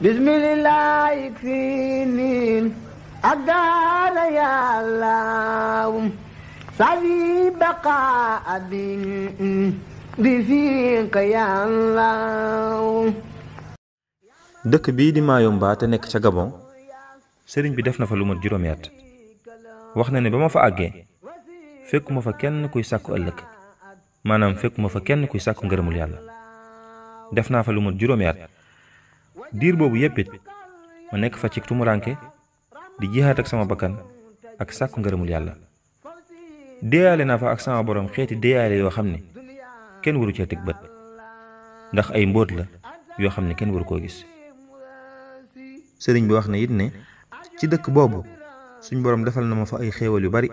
بسم الله يكفيني أقال يا الله سبي بقاء بن بفيق يا الله دك بيد ما يوم بات نك شجبون سرين بدفن فلوم الجرم يات وحنا نبما فاجي فيكم فكان كوي ساكو الك ما نام فيكم فكان كوي ساكو غرمو يالا دفنا فلوم الجرم يات dir bobu yépp ma fa ci tumuranke di jihad ak sama bakan ak sakku ngërëmul yalla deyalé na fa ak sama borom xéti deyalé yo xamné ne wuru ci tek bet ken ndax ay mbot la yo xamné ne wuru ko gis sëriñ bi wax na yit né ci dëkk bobu suñ borom defal na ma fa ay xéewal yu bari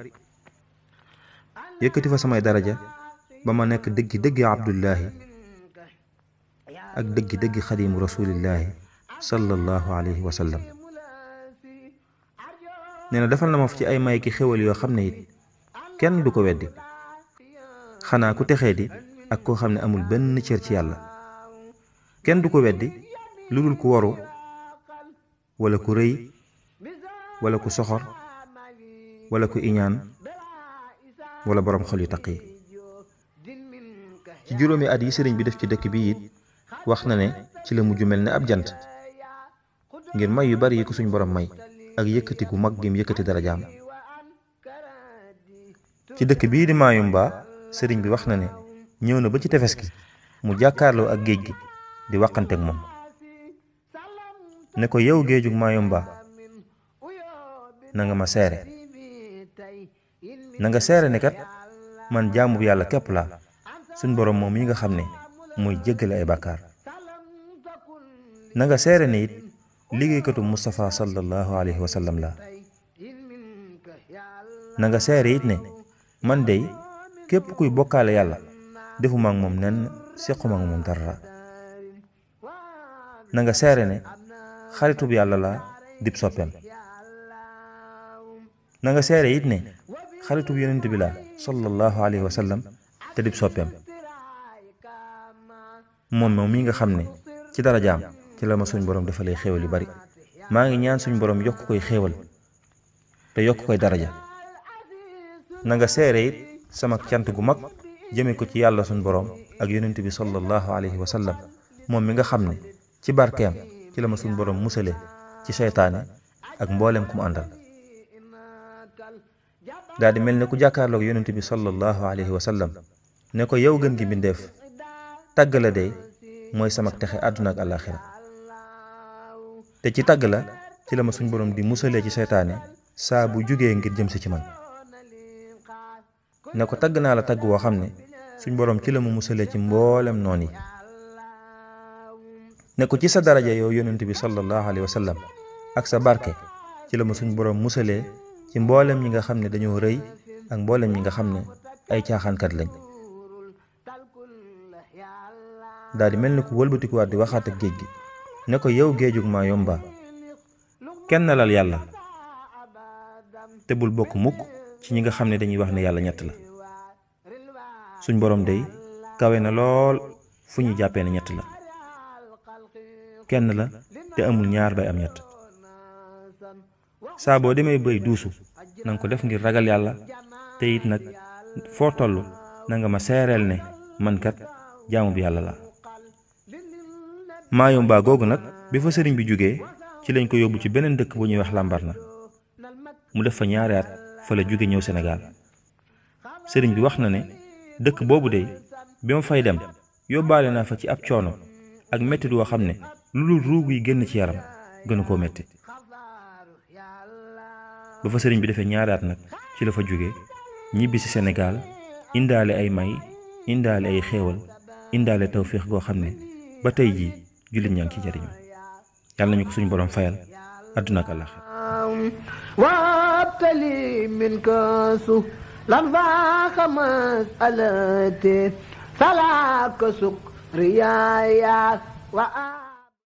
yëkëti fa sama daraja ba ma nekk dëggi abdullahi ak dëgg-dëgg xadimu rasulillahi sallallahu alayhi wa sallam nee na defal na ma fi ci ay may ki xéwal yoo xam ne it kenn du ko weddi xanaa ku texee di ak koo xam ne amul benn cër ci yàlla kenn du ko weddi lu dul ku waru wala ku rëy wala ku soxor wala ku iñaan wala boroom xol yu taq yi ci juróomi at yi sëriñ bi def ci dëkk bi it wax na ne ci la mujj melni ab jant ngir may yu bari yi ko suñu borom may ak yëkëti gu mag yëkëti dara darajaam ci dëkk bi di Mayumba sëriñ bi wax na ne ñëw na ba ci tefes gi mu jàkkaarloo ak géej gi di waxante ak moom ne ko yow géejug Mayumba na nga ma seere na nga seere ne kat man jaamub yàlla képp la suñ borom moom yi nga xam muy jéggale ay bàkkaar na nga seere ne it liggéeykatu Moustapha sallallahu alayhi wa sallam la nga seere it ne man dey képp kuy bokkaale yàlla defuma moom nenn sequma ak moom dara na nga seere ne xaritub yàlla la dib soppeem na nga seere it ne xaritub yonent bi la sallallahu alayhi wa sallam te dib soppeem moom moom mi nga xam ne ci dara jaam ci la ma suñ boroom defalee xéewal yu bari maa ngi ñaan suñ borom yokk koy xéewal te yokk koy daraja na nga seere it sama cant gu mag jëme ko ci yàlla suñ borom ak yonent bi sallallahu alayhi wa sallam moom mi nga xam ne ci barkeem ci la ma suñ borom musale ci seytaane ak mboolem ku mu àndal daal di mel ne ku jàkkaarloog yonent bi sallallahu alayhi wa sallam ne ko yow gën gi mbindeef tagala de moy sama taxé aduna ak alakhirah té ci tagala ci lama suñu borom di musalé ci sétané sa bu juggé ngir jëm ci man nako ko la tag wo xamné suñu borom ci lama mu ci mbolam noni nako ci sa daraja yo yonent bi sallallahu alayhi wasallam ak sa barké ci lama suñu borom musalé ci mbolam ñi nga xamné dañoo ak mbolam ñi nga xamné ay ay kat lañu Dari di mel ni ku wëlbatikuwaat di waxaat ak géej gi ne ko yow géejug maa yomba kenn lal yàlla te bul bokk mukk ci ñi nga xam ne dañuy wax ne yàlla ñett la suñ borom day kawe na lool fu ñu jàppee ne ñett la kenn la te amul ñaar bay am ñett saa boo demee bay duusu nanga ko def ngir ragal yàlla te it nag foo na nga ma seereel ne man kat jaamu bi yàlla la maayomba googu nag bi fa sëriñ bi jógee ci lañ ko yóbbu ci beneen dëkk bu ñuy wax Lambaréné mu def fa ñaari at fa la jóge ñëw Sénégal sëriñ bi wax na ne dëkk boobu de bi ma fay dem yóbbaale naa fa ci ab coono ak mettit woo xam ne lu dul ruug yi génn ci yaram gënu koo metti ba fa sëriñ bi defee ñaari at nag ci la fa jóge ñibbi si Sénégal indaale ay may indaale ay xéewal indaale tawféex goo xam ne ba tey jii jullit ñaa ngi ci jariñu yàlla nañu ko suñu borom fayal àdduna ak àllaaxira wabtali min lan faa xamas alate salaat ko suk riyaaya wa